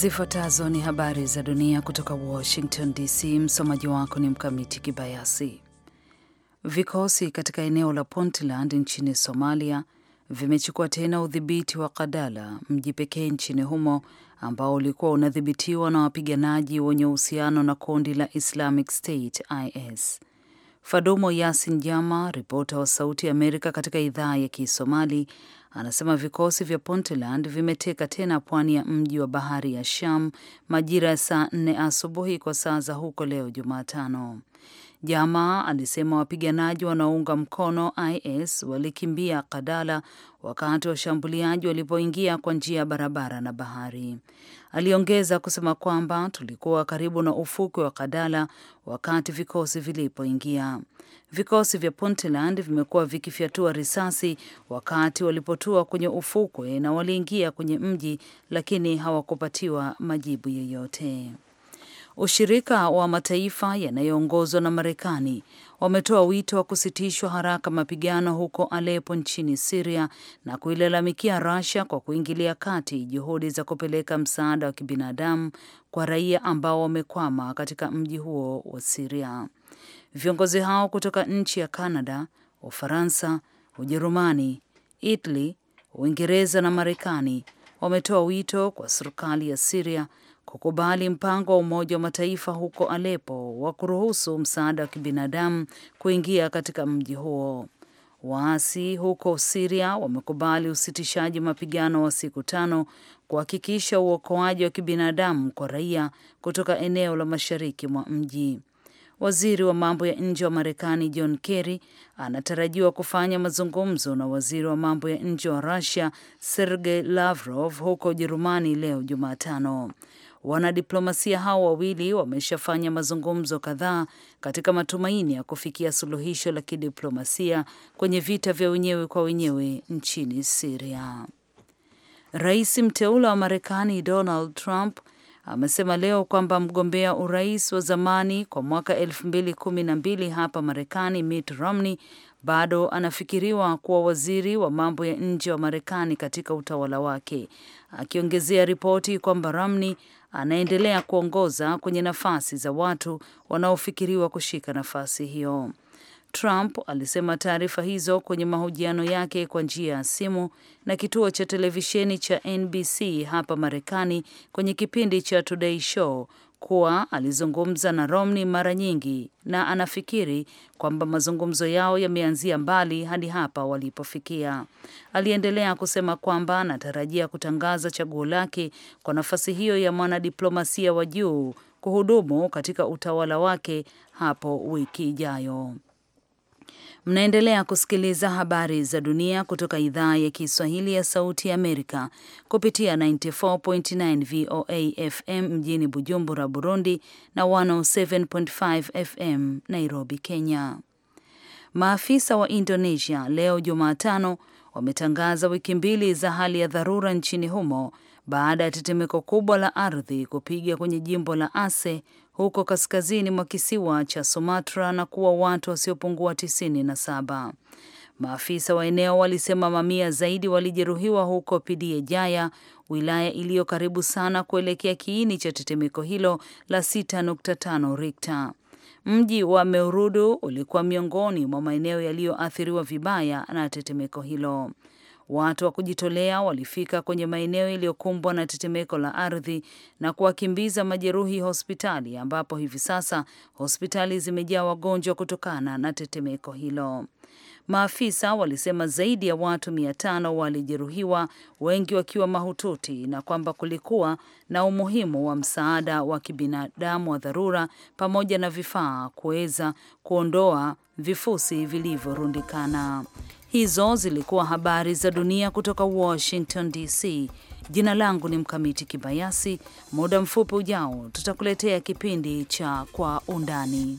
Zifuatazo ni habari za dunia kutoka Washington DC. Msomaji wako ni Mkamiti Kibayasi. Vikosi katika eneo la Puntland nchini Somalia vimechukua tena udhibiti wa Kadala, mji pekee nchini humo ambao ulikuwa unadhibitiwa na wapiganaji wenye uhusiano na kundi la Islamic State IS. Fadumo Yasin Jama, ripota wa Sauti Amerika katika idhaa ya Kisomali, anasema vikosi vya Puntland vimeteka tena pwani ya mji wa bahari ya Sham majira ya saa nne asubuhi kwa saa za huko leo Jumatano. Jamaa alisema wapiganaji wanaounga mkono IS walikimbia Kadala wakati washambuliaji walipoingia kwa njia ya barabara na bahari. Aliongeza kusema kwamba tulikuwa karibu na ufukwe wa Kadala wakati vikosi vilipoingia. Vikosi vya Puntland vimekuwa vikifyatua risasi wakati walipotua kwenye ufukwe na waliingia kwenye mji, lakini hawakupatiwa majibu yoyote. Ushirika wa mataifa yanayoongozwa na Marekani wametoa wito wa kusitishwa haraka mapigano huko alepo nchini siria na kuilalamikia Russia kwa kuingilia kati juhudi za kupeleka msaada wa kibinadamu kwa raia ambao wamekwama katika mji huo wa siria Viongozi hao kutoka nchi ya Canada, Ufaransa, Ujerumani, Italy, Uingereza na Marekani wametoa wito kwa serikali ya Syria kukubali mpango wa Umoja wa Mataifa huko Aleppo wa kuruhusu msaada wa kibinadamu kuingia katika mji huo. Waasi huko Siria wamekubali usitishaji mapigano wa siku tano kuhakikisha uokoaji wa kibinadamu kwa raia kutoka eneo la mashariki mwa mji. Waziri wa mambo ya nje wa Marekani John Kerry anatarajiwa kufanya mazungumzo na waziri wa mambo ya nje wa Russia Sergei Lavrov huko Ujerumani leo Jumatano. Wanadiplomasia hao wawili wameshafanya mazungumzo kadhaa katika matumaini ya kufikia suluhisho la kidiplomasia kwenye vita vya wenyewe kwa wenyewe nchini Siria. Rais mteule wa Marekani Donald Trump amesema leo kwamba mgombea urais wa zamani kwa mwaka elfu mbili kumi na mbili hapa Marekani Mitt Romney bado anafikiriwa kuwa waziri wa mambo ya nje wa Marekani katika utawala wake, akiongezea ripoti kwamba Romney anaendelea kuongoza kwenye nafasi za watu wanaofikiriwa kushika nafasi hiyo. Trump alisema taarifa hizo kwenye mahojiano yake kwa njia ya simu na kituo cha televisheni cha NBC hapa Marekani kwenye kipindi cha Today Show kuwa alizungumza na Romney mara nyingi na anafikiri kwamba mazungumzo yao yameanzia mbali hadi hapa walipofikia. Aliendelea kusema kwamba anatarajia kutangaza chaguo lake kwa nafasi hiyo ya mwanadiplomasia wa juu kuhudumu katika utawala wake hapo wiki ijayo. Mnaendelea kusikiliza habari za dunia kutoka idhaa ya Kiswahili ya Sauti ya Amerika kupitia 94.9 VOA FM mjini Bujumbura, Burundi na 107.5 FM Nairobi, Kenya. Maafisa wa Indonesia leo Jumatano wametangaza wiki mbili za hali ya dharura nchini humo baada ya tetemeko kubwa la ardhi kupiga kwenye jimbo la Aceh huko kaskazini mwa kisiwa cha Sumatra na kuwa watu wasiopungua tisini na saba. Maafisa wa eneo walisema mamia zaidi walijeruhiwa huko Pidie Jaya, wilaya iliyo karibu sana kuelekea kiini cha tetemeko hilo la 6.5 Richter. Mji wa Meurudu ulikuwa miongoni mwa maeneo yaliyoathiriwa vibaya na tetemeko hilo. Watu wa kujitolea walifika kwenye maeneo yaliyokumbwa na tetemeko la ardhi na kuwakimbiza majeruhi hospitali, ambapo hivi sasa hospitali zimejaa wagonjwa kutokana na tetemeko hilo. Maafisa walisema zaidi ya watu mia tano walijeruhiwa, wengi wakiwa mahututi, na kwamba kulikuwa na umuhimu wa msaada wa kibinadamu wa dharura pamoja na vifaa kuweza kuondoa vifusi vilivyorundikana. Hizo zilikuwa habari za dunia kutoka Washington DC. Jina langu ni Mkamiti Kibayasi. Muda mfupi ujao tutakuletea kipindi cha Kwa Undani.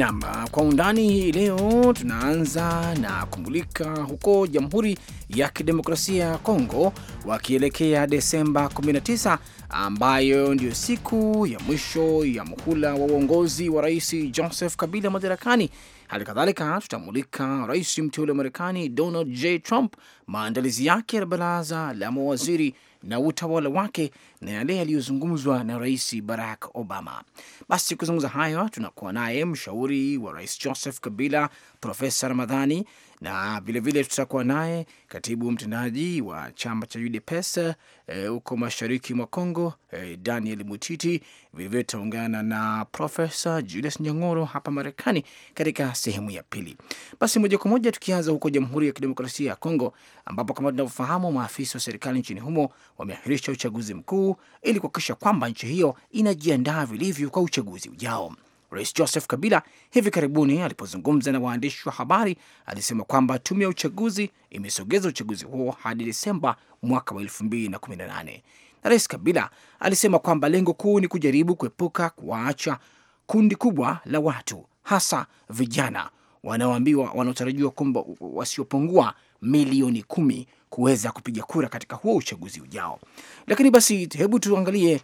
Nam kwa undani hii leo, tunaanza na kumulika huko Jamhuri ya Kidemokrasia ya Kongo, wakielekea Desemba 19 ambayo ndiyo siku ya mwisho ya muhula wa uongozi wa Rais Joseph Kabila madarakani. Hali kadhalika tutamulika rais mteule wa Marekani Donald J Trump, maandalizi yake ya baraza la mawaziri na utawala wake na yale yaliyozungumzwa na Rais Barack Obama. Basi kuzungumza hayo, tunakuwa naye mshauri wa Rais Joseph Kabila, Profesa Ramadhani na vilevile tutakuwa naye katibu mtendaji wa chama cha UDPS eh, huko e, mashariki mwa congo e, eh, Daniel Mutiti. Vilevile tutaungana na Profesa Julius nyang'oro hapa Marekani katika sehemu ya pili. Basi moja kwa moja tukianza huko Jamhuri ya Kidemokrasia ya congo ambapo kama tunavyofahamu, maafisa wa serikali nchini humo wameahirisha uchaguzi mkuu ili kuhakikisha kwamba nchi hiyo inajiandaa vilivyo kwa uchaguzi ujao. Rais Joseph Kabila hivi karibuni alipozungumza na waandishi wa habari alisema kwamba tume ya uchaguzi imesogeza uchaguzi huo hadi Desemba mwaka wa 2018. Na Rais Kabila alisema kwamba lengo kuu ni kujaribu kuepuka kuwaacha kundi kubwa la watu, hasa vijana wanaoambiwa, wanaotarajiwa kwamba wasiopungua milioni kumi kuweza kupiga kura katika huo uchaguzi ujao. Lakini basi, hebu tuangalie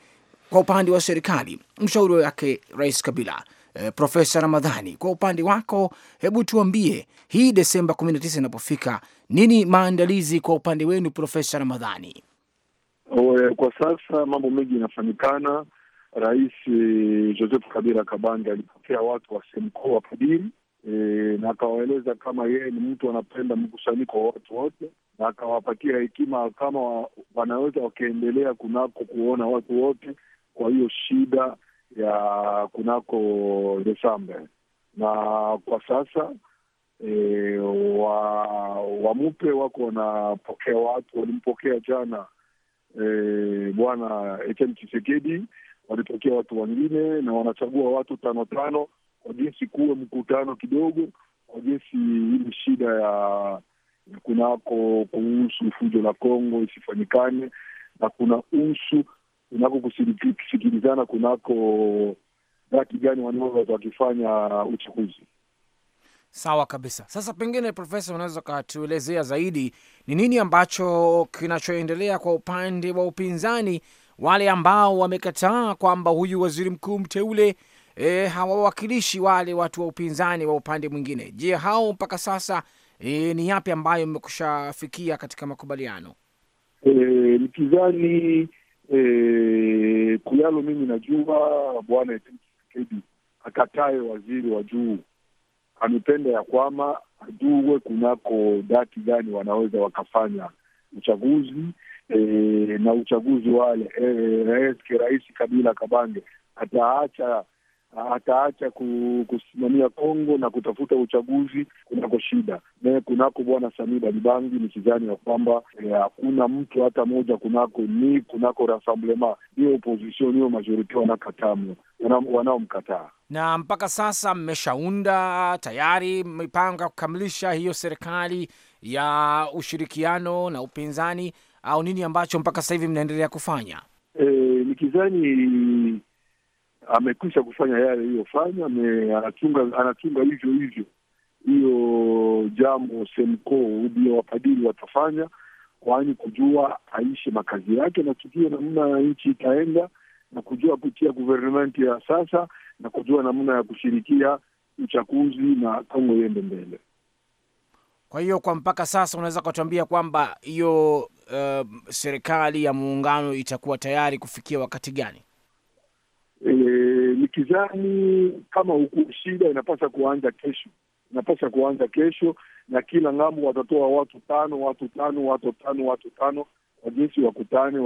kwa upande wa serikali, mshauri wake Rais Kabila eh, Profesa Ramadhani, kwa upande wako, hebu tuambie hii Desemba 19 inapofika, nini maandalizi kwa upande wenu, Profesa Ramadhani? kwa sasa mambo mengi inafanyikana. Rais eh, Joseph Kabila Kabange alipokea watu wa kuu wa Kadiri e, eh, na akawaeleza kama yeye ni mtu anapenda mkusanyiko wa watu wote, na akawapatia hekima kama wanaweza wakiendelea kunako kuona watu wote. Kwa hiyo shida ya kunako Desambe, na kwa sasa e, wa wamupe wako wanapokea watu, walimpokea jana e, bwana Etienne Tshisekedi, walipokea watu wengine na wanachagua watu tano tano kwa jinsi kuwe mkutano kidogo kwa jinsi ile shida ya kunako kuhusu fujo la Kongo isifanyikane na kuna usu kunako kusikilizana, kunako haki gani wanaweza wakifanya uchaguzi. Sawa kabisa. Sasa pengine, Profesa, unaweza ukatuelezea zaidi ni nini ambacho kinachoendelea kwa upande wa upinzani, wale ambao wamekataa kwamba huyu waziri mkuu mteule e, hawawakilishi wale watu wa upinzani wa upande mwingine. Je, hao mpaka sasa e, ni yapi ambayo mmekushafikia katika makubaliano? E, mpinzani E, Kuyalo mimi najua bwana Tshisekedi akataye waziri wa juu, amependa ya kwama ajue kunako dati gani wanaweza wakafanya uchaguzi e, na uchaguzi wale e, rais Kabila Kabange ataacha ataacha kusimamia Kongo na kutafuta uchaguzi kunako shida ne kunako bwana Samii Balibangi, kizani ya kwamba eh, hakuna e, mtu hata moja kunako ni kunako Rassemblement hiyo opposition hiyo majoriti wanakataa wanaomkataa na mpaka sasa mmeshaunda tayari, mmepanga kukamilisha hiyo serikali ya ushirikiano na upinzani, au nini ambacho mpaka sasa hivi mnaendelea kufanya? E, nikizani amekwisha kufanya yale aliyofanya, anachunga anachunga hivyo hivyo hiyo jambo semko ndio wafadhili watafanya, kwani kujua aishe makazi yake na tujue namna nchi itaenda na kujua kutia guvernmenti ya sasa na kujua namna ya kushirikia uchaguzi na Kongo iende mbele. Kwa hiyo kwa mpaka sasa unaweza kutuambia kwamba hiyo uh, serikali ya muungano itakuwa tayari kufikia wakati gani? E, kizani kama huku shida inapasa kuanza kesho, inapasa kuanza kesho, na kila ng'ambo watatoa watu tano, watu tano, watu tano, watu tano kwa jinsi wakutane,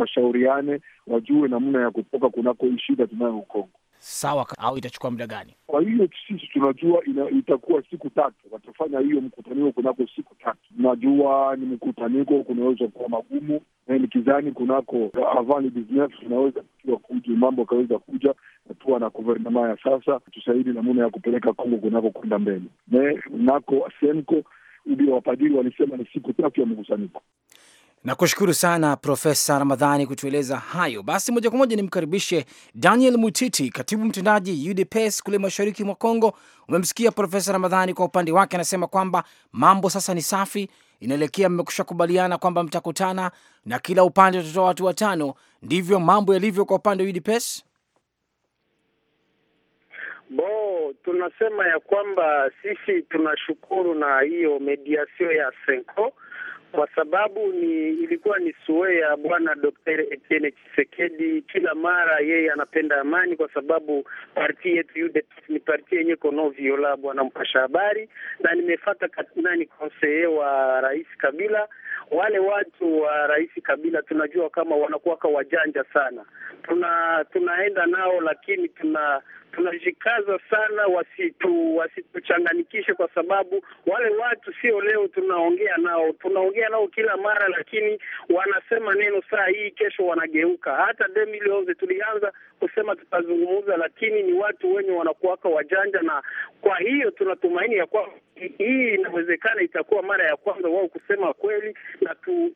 washauriane, wa, wa wajue namna ya kutoka kunako shida tunayo Ukongo. Sawa, au itachukua muda gani? Kwa hiyo sisi tunajua ina, itakuwa siku tatu, watafanya hiyo mkutaniko kunako siku tatu. Tunajua ni mkutaniko kunaweza kuwa magumu, na nikizani kunako avant le 19 tunaweza kuja mambo akaweza kuja kuwa na guvernema ya sasa tusaidi namuna ya kupeleka Kongo kunako mbele ne nako senko ndio wapadiri walisema ni siku tatu ya mkusanyiko. Nakushukuru sana Profesa Ramadhani kutueleza hayo. Basi moja kwa moja nimkaribishe Daniel Mutiti, katibu mtendaji UDPS kule mashariki mwa Kongo. Umemsikia Profesa Ramadhani kwa upande wake anasema kwamba mambo sasa ni safi, inaelekea mmekusha kubaliana kwamba mtakutana na kila upande utatoa watu watano. Ndivyo mambo yalivyo kwa upande wa UDPS. Bo, tunasema ya kwamba sisi tunashukuru na hiyo mediasio ya Senko kwa sababu ni ilikuwa ni sue ya bwana Dr. Etienne chisekedi Kila mara yeye anapenda amani, kwa sababu parti yetu yude ni parti yenye kono viola, bwana mpasha habari, na nimefata nani konseye wa Rais Kabila wale watu wa Rais Kabila tunajua kama wanakuwaka wajanja sana, tuna tunaenda nao, lakini tuna tunajikaza sana wasitu wasituchanganikishe, kwa sababu wale watu sio leo tunaongea nao, tunaongea nao kila mara, lakini wanasema neno saa hii, kesho wanageuka. Hata demilionze tulianza kusema tutazungumza, lakini ni watu wenye wanakuwaka wajanja, na kwa hiyo tunatumaini ya kwamba hii inawezekana itakuwa mara ya kwanza wao kusema kweli, na tu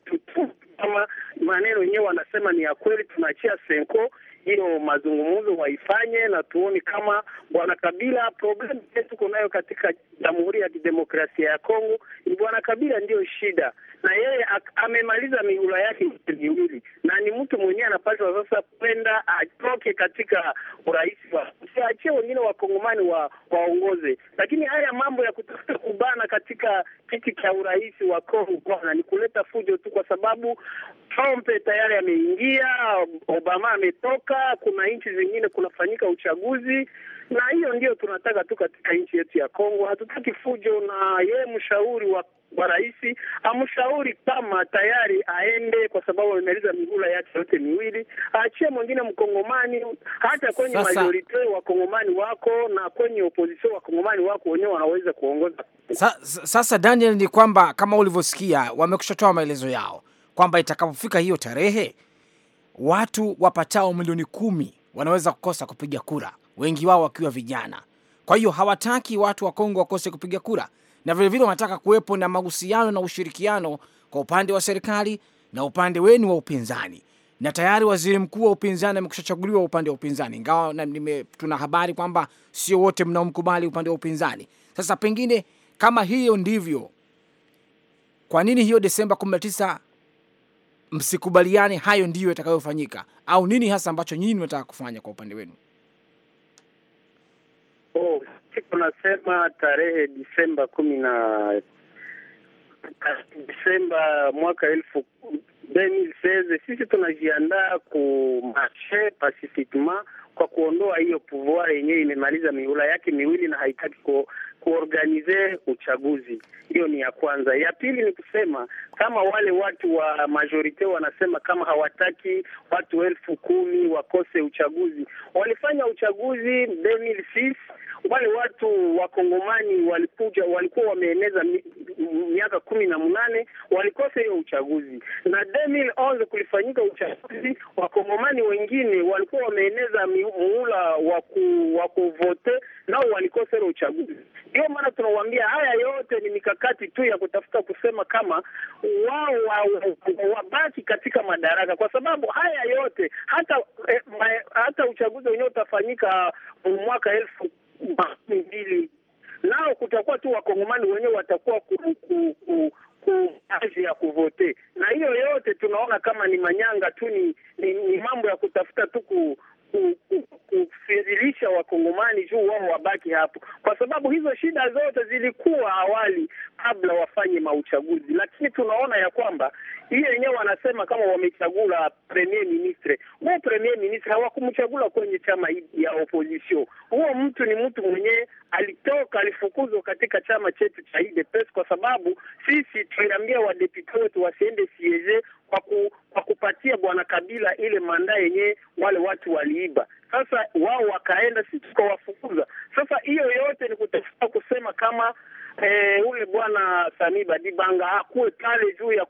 kama maneno yenyewe wanasema ni ya kweli, tunaachia Senko hiyo mazungumzo waifanye, na tuone kama bwana Kabila, problem tuko nayo katika Jamhuri ya Kidemokrasia ya Kongo ni bwana Kabila ndiyo shida, na yeye amemaliza mihula yake miwili na ni mtu mwenyewe anapaswa sasa kwenda atoke katika urais wa siachie wengine wakongomani wa waongoze, lakini haya mambo ya kutafuta kubana katika kiti cha urais wa Kongo bwana ni kuleta fujo tu, kwa sababu Trump tayari ameingia, Obama ametoka, kuna nchi zingine kunafanyika uchaguzi, na hiyo ndio tunataka tu katika nchi yetu ya Kongo. Hatutaki fujo, na yeye mshauri wa wa rais amshauri kama tayari aende, kwa sababu amemaliza migula yake yote miwili, aachie mwingine mkongomani. Hata kwenye majority wakongomani wako na kwenye opposition wakongomani wako wenyewe wanaweza kuongoza. Sasa Daniel, ni kwamba kama ulivyosikia, wamekushatoa maelezo yao kwamba itakapofika hiyo tarehe watu wapatao milioni kumi wanaweza kukosa kupiga kura, wengi wao wakiwa vijana. Kwa hiyo hawataki watu wa Kongo wakose kupiga kura, na vilevile wanataka kuwepo na mahusiano na ushirikiano kwa upande wa serikali na upande wenu wa upinzani. Na tayari waziri mkuu wa upinzani amekushachaguliwa upande wa upinzani, ingawa tuna habari kwamba sio wote mnaomkubali upande wa upinzani. Sasa pengine kama hiyo ndivyo, kwa nini hiyo Desemba 19 msikubaliane hayo ndiyo yatakayofanyika, au nini hasa ambacho nyinyi mnataka kufanya kwa upande wenu? Oh, tunasema tarehe Disemba kumi na Disemba mwaka elfu sisi tunajiandaa kumarshe pacifiquement kwa kuondoa hiyo pouvoir yenyewe imemaliza mihula yake miwili na haitaki kuorganize uchaguzi. Hiyo ni ya kwanza. Ya pili ni kusema kama wale watu wa majorite wanasema kama hawataki watu elfu kumi wakose uchaguzi. Walifanya uchaguzi 2006 wale watu wakongomani walikuja, walikuwa wameeneza miaka kumi na mnane walikosa hiyo uchaguzi, na 2011 kulifanyika uchaguzi. Wakongomani wengine walikuwa wameeneza muhula wa kuvote nao walikosa ile uchaguzi. Ndio maana tunawaambia haya yote ni mikakati tu ya kutafuta kusema kama wao wabaki katika madaraka, kwa sababu haya yote hata eh, ma, hata uchaguzi wenyewe utafanyika mwaka elfu mbili nao kutakuwa tu wakongomani wenyewe watakuwa ku, ku, ku kazi ya kuvote na hiyo yote tunaona kama ni manyanga tu, ni, ni, ni mambo ya kutafuta tu ku, ku, ku, kuwafiridhisha wakongomani juu wao wabaki hapo, kwa sababu hizo shida zote zilikuwa awali kabla wafanye mauchaguzi, lakini tunaona ya kwamba hiyo yenyewe wanasema kama wamechagula premier ministre, huo premier ministre hawakumchagula kwenye chama ya opposition. Huo mtu ni mtu mwenyewe alitoka, alifukuzwa katika chama chetu cha UDPS, kwa sababu sisi tuliambia wadepute wetu wasiende siege kwa ku hakupatia bwana Kabila ile manda yenyewe wale watu waliiba. Sasa wao wakaenda, si tukawafukuza. Sasa hiyo yote ni kutafuta kusema kama eh, ule bwana Sami Badibanga akuwe pale juu ya wa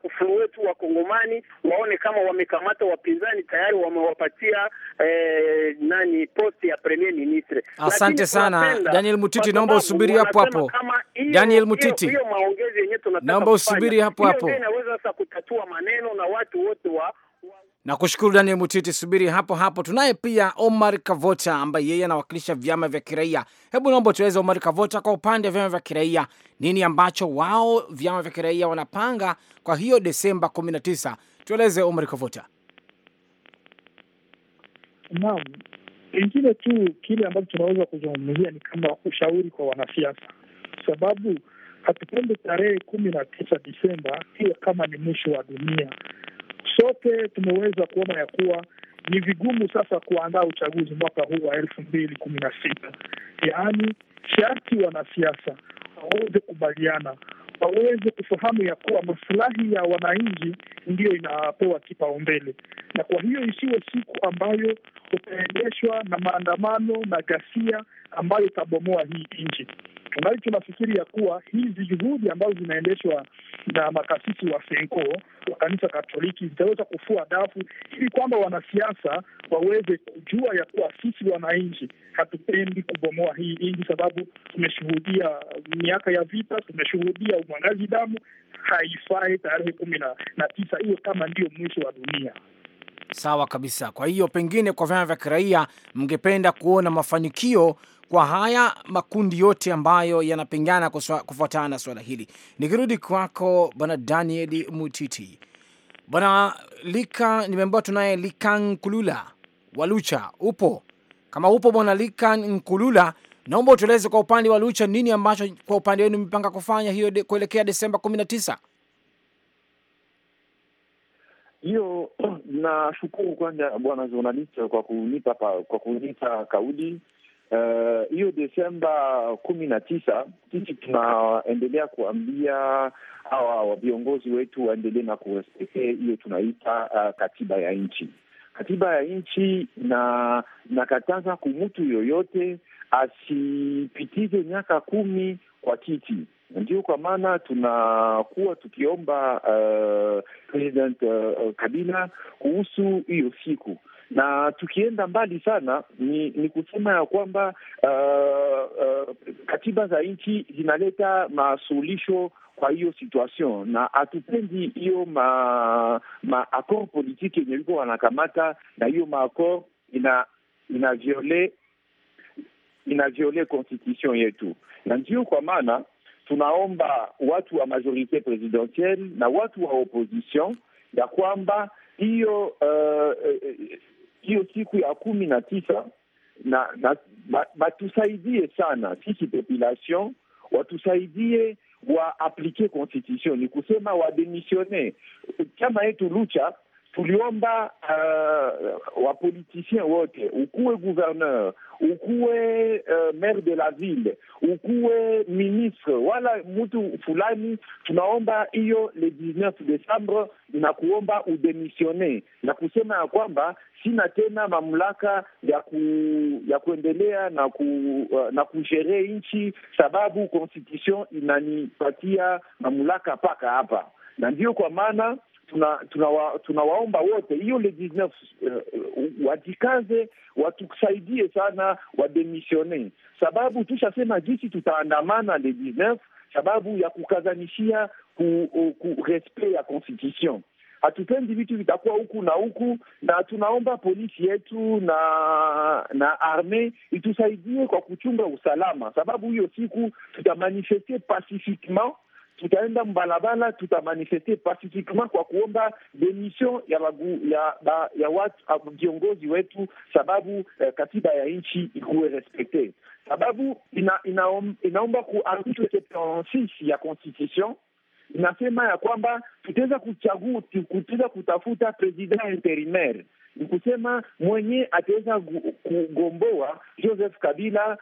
Wakongomani waone kama wamekamata wapinzani tayari wamewapatia eh, nani posti ya premier ministre. Asante sana Daniel Mutiti, naomba usubiri hapo hapo. Daniel Mutiti, hiyo maongezi yenyewe tunataka, naomba usubiri hapo hapo, inaweza sasa kutatua maneno na watu wote wa na kushukuru Daniel Mutiti. Subiri hapo hapo, tunaye pia Omar Kavota ambaye yeye anawakilisha vyama vya kiraia. Hebu naomba tueleze Omar Kavota, kwa upande wa vyama vya kiraia, nini ambacho wao vyama vya kiraia wanapanga kwa hiyo Desemba 19? Tueleze Omar Kavota. Naam, pengine tu kile ambacho tunaweza kuzungumzia ni kama ushauri kwa wanasiasa, sababu hatupende tarehe kumi na tisa Desemba hiyo kama ni mwisho wa dunia Sote tumeweza kuona ya kuwa ni vigumu sasa kuandaa uchaguzi mwaka huu wa elfu mbili kumi na sita, yaani sharti wanasiasa waweze kubaliana, waweze kufahamu ya kuwa masilahi ya wananchi ndiyo inapewa kipaumbele, na kwa hiyo isiwe siku ambayo utaendeshwa na maandamano na ghasia ambayo itabomoa hii nchi. Ungali tunafikiri ya kuwa hizi juhudi ambazo zinaendeshwa na makasisi wa Senko wa kanisa Katoliki zitaweza kufua dafu ili kwamba wanasiasa waweze kujua ya kuwa sisi wananchi hatupendi kubomoa hii nchi, sababu tumeshuhudia miaka ya vita, tumeshuhudia umwangaji damu. Haifai tarehe kumi na tisa hiyo kama ndiyo mwisho wa dunia. Sawa kabisa. Kwa hiyo pengine kwa vyama vya kiraia mngependa kuona mafanikio kwa haya makundi yote ambayo yanapingana kufuatana na swala hili. Nikirudi kwako bwana Daniel Mutiti, bwana Lika, nimeambiwa tunaye Likan Nkulula lucha upo? Kama upo bwana Likan Nkulula, naomba utueleze kwa upande wa Lucha nini ambacho kwa upande wenu mipanga kufanya hiyo de, kuelekea Desemba kumi na tisa hiyo nashukuru kwanza bwana journalist kwa kunipa kwa kunipa kauli Eh, hiyo uh, Desemba kumi na tisa sisi tunaendelea kuambia hawa viongozi wetu waendelee na kurespekte hiyo tunaita uh, katiba ya nchi. Katiba ya nchi na nakataza kumutu yoyote asipitize miaka kumi kwa kiti. Ndio kwa maana tunakuwa tukiomba uh, President uh, Kabila kuhusu hiyo siku na tukienda mbali sana ni, ni kusema ya kwamba uh, uh, katiba za nchi zinaleta masuluhisho kwa hiyo situation na hatupendi hiyo ma, ma akord politiki yenye liko wanakamata na hiyo maakord ina ina viole ina viole constitution yetu, na ndio kwa maana tunaomba watu wa majorite présidentielle na watu wa opposition ya kwamba hiyo hiyo uh, uh siku ya kumi na tisa na, na batusaidie sana sisi population watusaidie waaplike constitution, ni kusema wademisione chama yetu Lucha tuliomba uh, wapolitisien wote, ukuwe gouverneur, ukuwe uh, maire de la ville, ukuwe ministre wala mtu fulani, tunaomba hiyo le 19 Desembre na kuomba udemisione na kusema ya kwamba sina tena mamlaka ya ku, ya kuendelea na ku, uh, na kushere nchi, sababu constitution inanipatia mamlaka mpaka hapa, na ndiyo kwa maana tunawaomba tuna wa, tuna wote hiyo legislatif uh, eh, wajikaze watusaidie sana wademisione, sababu tushasema jisi tutaandamana legislatif sababu ya kukazanishia ku, ku, ku respect ya constitution. Hatupendi vitu vitakuwa huku na huku, na tunaomba polisi yetu na na arme itusaidie kwa kuchunga usalama, sababu hiyo siku tutamanifeste pacifiquement tutaenda mbalabala, tutamanifeste pacifiquement kwa kuomba demission ya bagu, ya, ba, ya watu viongozi wetu, sababu eh, katiba ya nchi ikuwe respekte sababu ina, inaomba ku article septante ya constitution inasema ya kwamba tutaweza kuchagua, tutaweza kutafuta president intérimaire ni kusema mwenye ataweza kugomboa Joseph Kabila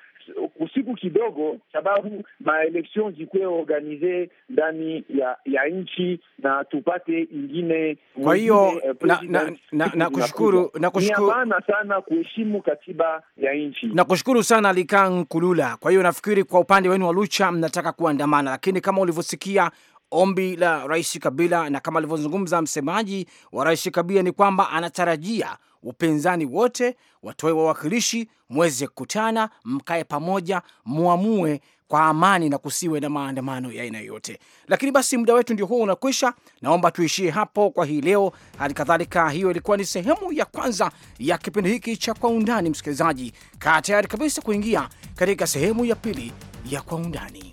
usiku kidogo, sababu maeleksion zikuwe organize ndani ya, ya nchi na tupate ingine. Kwa hiyo eh, nakushukuru sana kuheshimu katiba ya nchi. Nakushukuru sana Alikan Kulula. Kwa hiyo nafikiri kwa upande wenu wa Lucha mnataka kuandamana, lakini kama ulivyosikia ombi la Rais Kabila, na kama alivyozungumza msemaji wa Rais Kabila ni kwamba anatarajia upinzani wote watoe wawakilishi, mweze kukutana, mkae pamoja, mwamue kwa amani na kusiwe na maandamano ya aina yoyote. Lakini basi muda wetu ndio huo unakwisha, naomba tuishie hapo kwa hii leo. Hali kadhalika, hiyo ilikuwa ni sehemu ya kwanza ya kipindi hiki cha Kwa Undani. Msikilizaji, kaa tayari kabisa kuingia katika sehemu ya pili ya Kwa Undani.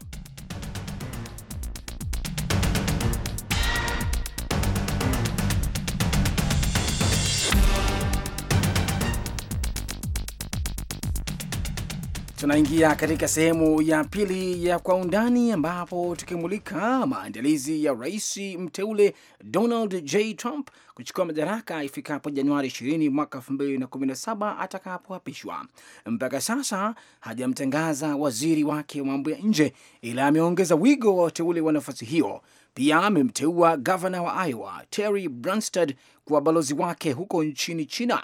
Tunaingia katika sehemu ya pili ya Kwa Undani, ambapo tukimulika maandalizi ya rais mteule Donald J. Trump kuchukua madaraka ifikapo Januari 20 mwaka 2017 atakapoapishwa. Mpaka sasa hajamtangaza waziri wake wa mambo ya nje, ila ameongeza wigo wa wateule wa nafasi hiyo. Pia amemteua gavana wa Iowa Terry Branstad kuwa balozi wake huko nchini China.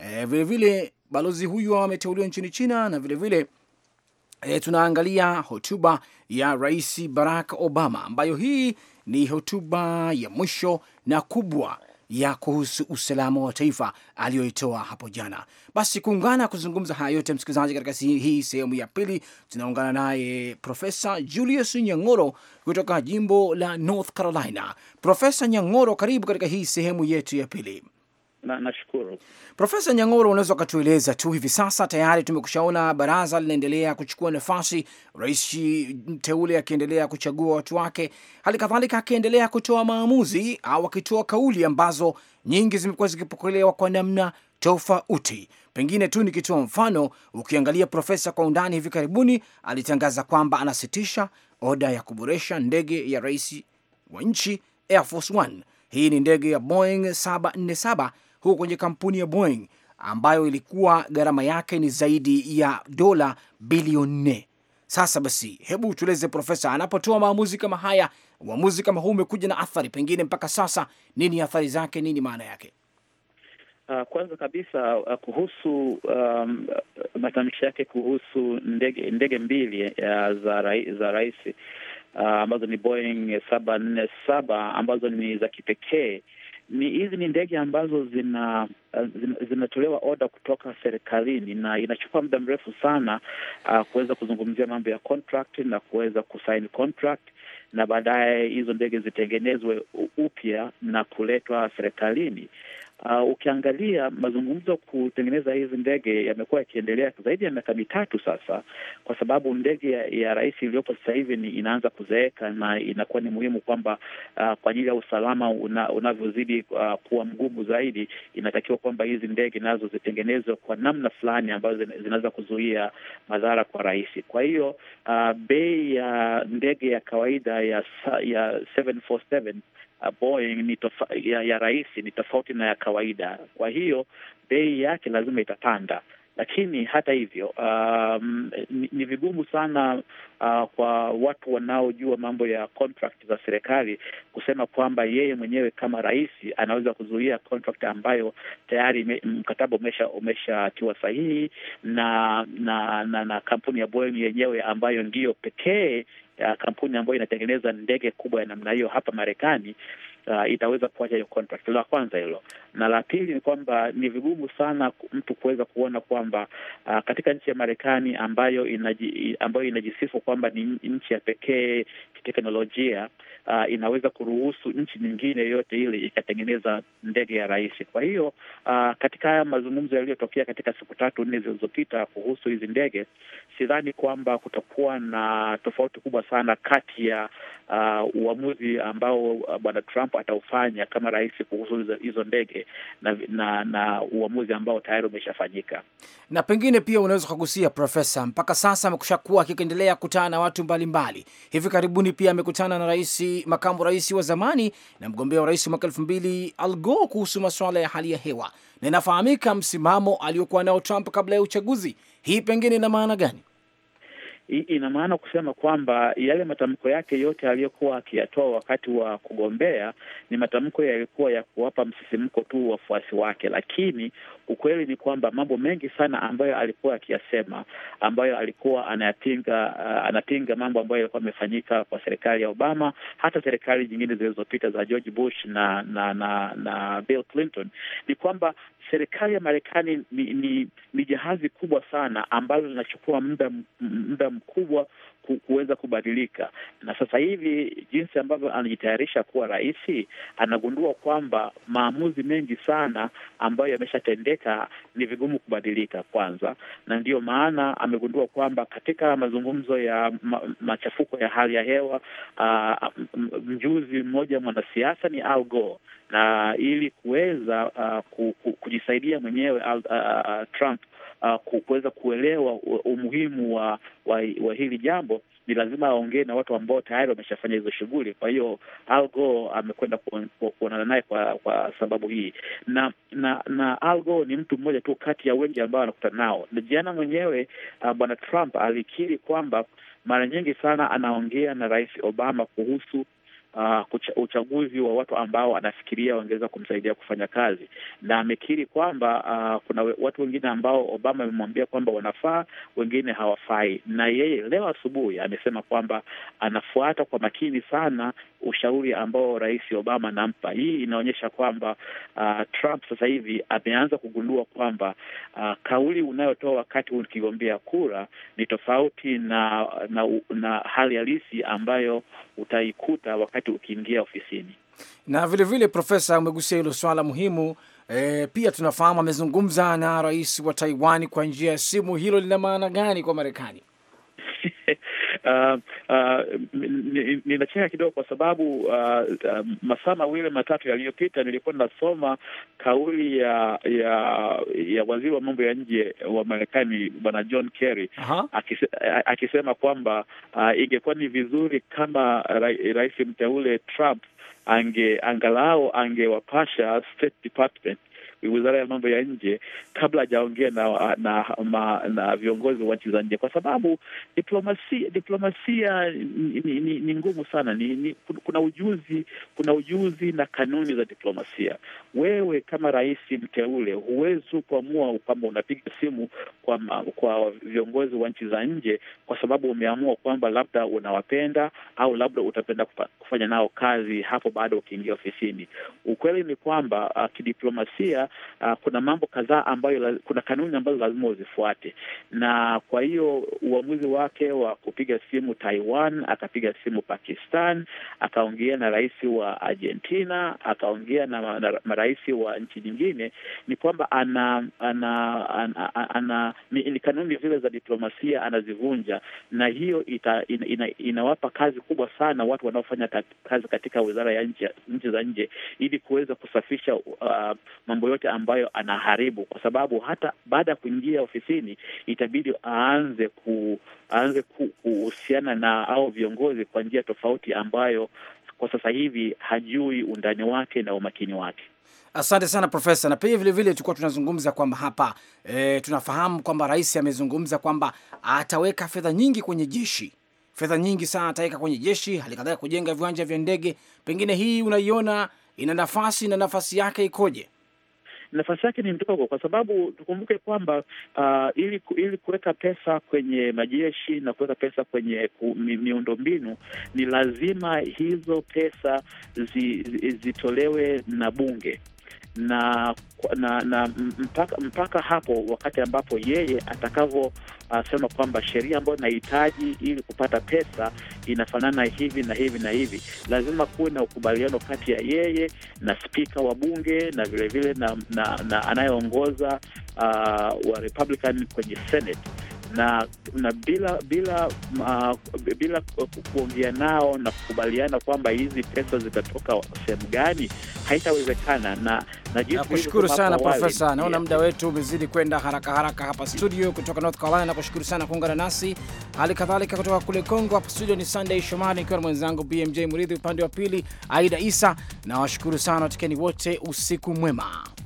Vilevile eh, vile, balozi huyu ameteuliwa nchini China na vilevile vile, e, tunaangalia hotuba ya Rais Barack Obama ambayo hii ni hotuba ya mwisho na kubwa ya kuhusu usalama wa taifa aliyoitoa hapo jana. Basi kuungana kuzungumza haya yote, msikilizaji, katika hii sehemu ya pili tunaungana naye Profesa Julius Nyang'oro kutoka jimbo la North Carolina. Profesa Nyang'oro, karibu katika hii sehemu yetu ya pili na nashukuru Profesa Nyang'oro, unaweza ukatueleza tu hivi sasa, tayari tumekushaona baraza linaendelea kuchukua nafasi, rais mteule akiendelea kuchagua watu wake, hali kadhalika akiendelea kutoa maamuzi au akitoa kauli ambazo nyingi zimekuwa zikipokelewa kwa namna tofauti. Pengine tu nikitoa mfano, ukiangalia profesa kwa undani, hivi karibuni alitangaza kwamba anasitisha oda ya kuboresha ndege ya rais wa nchi Air Force One. Hii ni ndege ya Boeing 747 huko kwenye kampuni ya Boeing ambayo ilikuwa gharama yake ni zaidi ya dola bilioni nne. Sasa basi, hebu tueleze Profesa, anapotoa maamuzi kama haya, uamuzi kama huu umekuja na athari, pengine mpaka sasa, nini athari zake, nini maana yake? Uh, kwanza kabisa uh, kuhusu um, matamshi yake kuhusu ndege ndege mbili uh, za rai, za rais uh, ambazo ni Boeing saba nne saba ambazo ni za kipekee ni hizi ni ndege ambazo zina zinatolewa oda kutoka serikalini na inachukua muda mrefu sana uh, kuweza kuzungumzia mambo ya contract na kuweza kusaini contract na baadaye hizo ndege zitengenezwe upya na kuletwa serikalini. Uh, ukiangalia mazungumzo kutengeneza hizi ndege yamekuwa yakiendelea zaidi ya miaka mitatu sasa, kwa sababu ndege ya, ya rais iliyopo sasa hivi ni inaanza kuzeeka na inakuwa ni muhimu kwamba uh, kwa ajili ya usalama una, unavyozidi uh, kuwa mgumu zaidi, inatakiwa kwamba hizi ndege nazo zitengenezwe kwa namna fulani ambazo zinaweza kuzuia madhara kwa rais. Kwa hiyo uh, bei ya ndege ya kawaida ya ya 747 Boeing ni ya, ya rahisi ni tofauti na ya kawaida, kwa hiyo bei yake lazima itapanda. Lakini hata hivyo um, ni, ni vigumu sana uh, kwa watu wanaojua mambo ya contract za serikali kusema kwamba yeye mwenyewe kama rais anaweza kuzuia contract ambayo tayari mkataba umesha umeshatiwa sahihi na na, na na kampuni ya Boeing yenyewe ambayo ndiyo pekee ya kampuni ambayo inatengeneza ndege kubwa ya namna hiyo hapa Marekani uh, itaweza kuacha hiyo contract. La kwanza hilo, na la pili ni kwamba ni vigumu sana mtu kuweza kuona kwamba uh, katika nchi ya Marekani ambayo inaji, ambayo inajisifu kwamba ni nchi ya pekee kiteknolojia uh, inaweza kuruhusu nchi nyingine yoyote ile ikatengeneza ndege ya rais. Kwa hiyo uh, katika haya mazungumzo yaliyotokea katika siku tatu nne zilizopita kuhusu hizi ndege, sidhani kwamba kutakuwa na tofauti kubwa sana kati ya uh, uamuzi ambao uh, bwana Trump ataufanya kama rais kuhusu hizo ndege na, na, na uamuzi ambao tayari umeshafanyika. Na pengine pia unaweza ukagusia, Profesa, mpaka sasa amekusha kuwa akiendelea kukutana na watu mbalimbali mbali. Hivi karibuni pia amekutana na rais makamu rais wa zamani na mgombea wa rais mwaka elfu mbili Al Gore kuhusu masuala ya hali ya hewa, na inafahamika msimamo aliyokuwa nao Trump kabla ya uchaguzi. Hii pengine ina maana gani? Ina maana kusema kwamba yale matamko yake yote aliyokuwa akiyatoa wakati wa kugombea ni matamko yalikuwa ya kuwapa msisimko tu wafuasi wake, lakini ukweli ni kwamba mambo mengi sana ambayo alikuwa akiyasema, ambayo alikuwa anayapinga, uh, anapinga mambo ambayo yalikuwa amefanyika kwa serikali ya Obama, hata serikali nyingine zilizopita za George Bush na na na, na Bill Clinton, ni kwamba serikali ya Marekani ni, ni, ni jahazi kubwa sana ambalo linachukua muda muda mkubwa kuweza kubadilika. Na sasa hivi jinsi ambavyo anajitayarisha kuwa rais, anagundua kwamba maamuzi mengi sana ambayo yameshatendeka ni vigumu kubadilika kwanza, na ndiyo maana amegundua kwamba katika mazungumzo ya ma, machafuko ya hali ya hewa, uh, mjuzi mmoja mwanasiasa ni Al Gore na ili kuweza uh, kujisaidia mwenyewe uh, uh, uh Trump uh, kuweza kuelewa umuhimu wa, wa, wa hili jambo ni lazima aongee na watu ambao tayari wameshafanya hizo shughuli. Kwa hiyo algo amekwenda kuonana naye kwa kwa sababu hii, na na na Algo ni mtu mmoja tu kati ya wengi ambao anakutana nao. Na jana mwenyewe uh, bwana Trump alikiri kwamba mara nyingi sana anaongea na Rais Obama kuhusu uh, uchaguzi wa watu ambao anafikiria wangeweza kumsaidia kufanya kazi, na amekiri kwamba uh, kuna watu wengine ambao Obama amemwambia kwamba wanafaa, wengine hawafai, na yeye leo asubuhi amesema kwamba anafuata kwa makini sana ushauri ambao Rais Obama anampa. Hii inaonyesha kwamba uh, Trump sasa hivi ameanza kugundua kwamba uh, kauli unayotoa wakati ukigombea kura ni tofauti na, na, na hali halisi ambayo utaikuta wakati tu ukiingia ofisini. Na vile vile, Profesa, umegusia hilo swala muhimu e, pia tunafahamu amezungumza na rais wa Taiwan kwa njia ya simu. Hilo lina maana gani kwa Marekani? uh, uh, ninacheka kidogo kwa sababu uh, uh, masaa mawili matatu yaliyopita nilikuwa ninasoma kauli ya ya ya waziri wa mambo ya nje wa Marekani Bwana John Kerry akise, akisema kwamba uh, ingekuwa ni vizuri kama ra, rais mteule Trump ange angalau angewapasha State Department wizara ya mambo ya nje kabla hajaongea na, na, na, na viongozi wa nchi za nje, kwa sababu diplomasia diplomasia ni, ni, ni, ni ngumu sana ni, ni, kuna ujuzi kuna ujuzi na kanuni za diplomasia. Wewe kama rais mteule huwezi kuamua kwamba unapiga simu kwa, kwa viongozi wa nchi za nje kwa sababu umeamua kwamba labda unawapenda au labda utapenda kufanya nao kazi hapo baada ukiingia ofisini. Ukweli ni kwamba ah, kidiplomasia uh, kuna mambo kadhaa ambayo, kuna kanuni ambazo lazima uzifuate, na kwa hiyo uamuzi wake wa kupiga simu Taiwan, akapiga simu Pakistan, akaongea na rais wa Argentina, akaongea na, marais wa nchi nyingine, ni kwamba ana, ana, ana, ana, ana ni, kanuni zile za diplomasia anazivunja, na hiyo ita, ina, ina, inawapa kazi kubwa sana watu wanaofanya kazi katika wizara ya nchi za nje ili kuweza kusafisha uh, mambo yoyote ambayo anaharibu, kwa sababu hata baada ya kuingia ofisini itabidi aanze ku, aanze kuhusiana na au viongozi kwa njia tofauti ambayo kwa sasa hivi hajui undani wake na umakini wake. Asante sana Profesa. Na pia vilevile tulikuwa tunazungumza kwamba hapa e, tunafahamu kwamba rais amezungumza kwamba ataweka fedha nyingi kwenye jeshi, fedha nyingi sana ataweka kwenye jeshi, halikadhalika kujenga viwanja vya ndege. Pengine hii unaiona ina nafasi na nafasi yake ikoje? nafasi yake ni ndogo, kwa sababu tukumbuke kwamba uh, ili ili kuweka pesa kwenye majeshi na kuweka pesa kwenye miundo mbinu ni lazima hizo pesa zi, zi, zitolewe na bunge na na, na mpaka, mpaka hapo wakati ambapo yeye atakavyosema uh, kwamba sheria ambayo inahitaji ili kupata pesa inafanana hivi na hivi na hivi, lazima kuwe na ukubaliano kati ya yeye na spika wa bunge na vilevile na, na, na anayeongoza uh, wa Republican kwenye Senate na na bila bila uh, bila kuongea nao na kukubaliana kwamba hizi pesa zitatoka sehemu gani haitawezekana. Na nakushukuru sana Profesa, naona muda wetu umezidi kwenda haraka haraka hapa studio. Kutoka North Carolina nakushukuru sana kuungana nasi, hali kadhalika kutoka kule Kongo hapa studio ni Sunday Shomari ikiwa na mwenzangu BMJ mridhi upande wa pili Aida Isa. Nawashukuru sana watikeni wote, usiku mwema.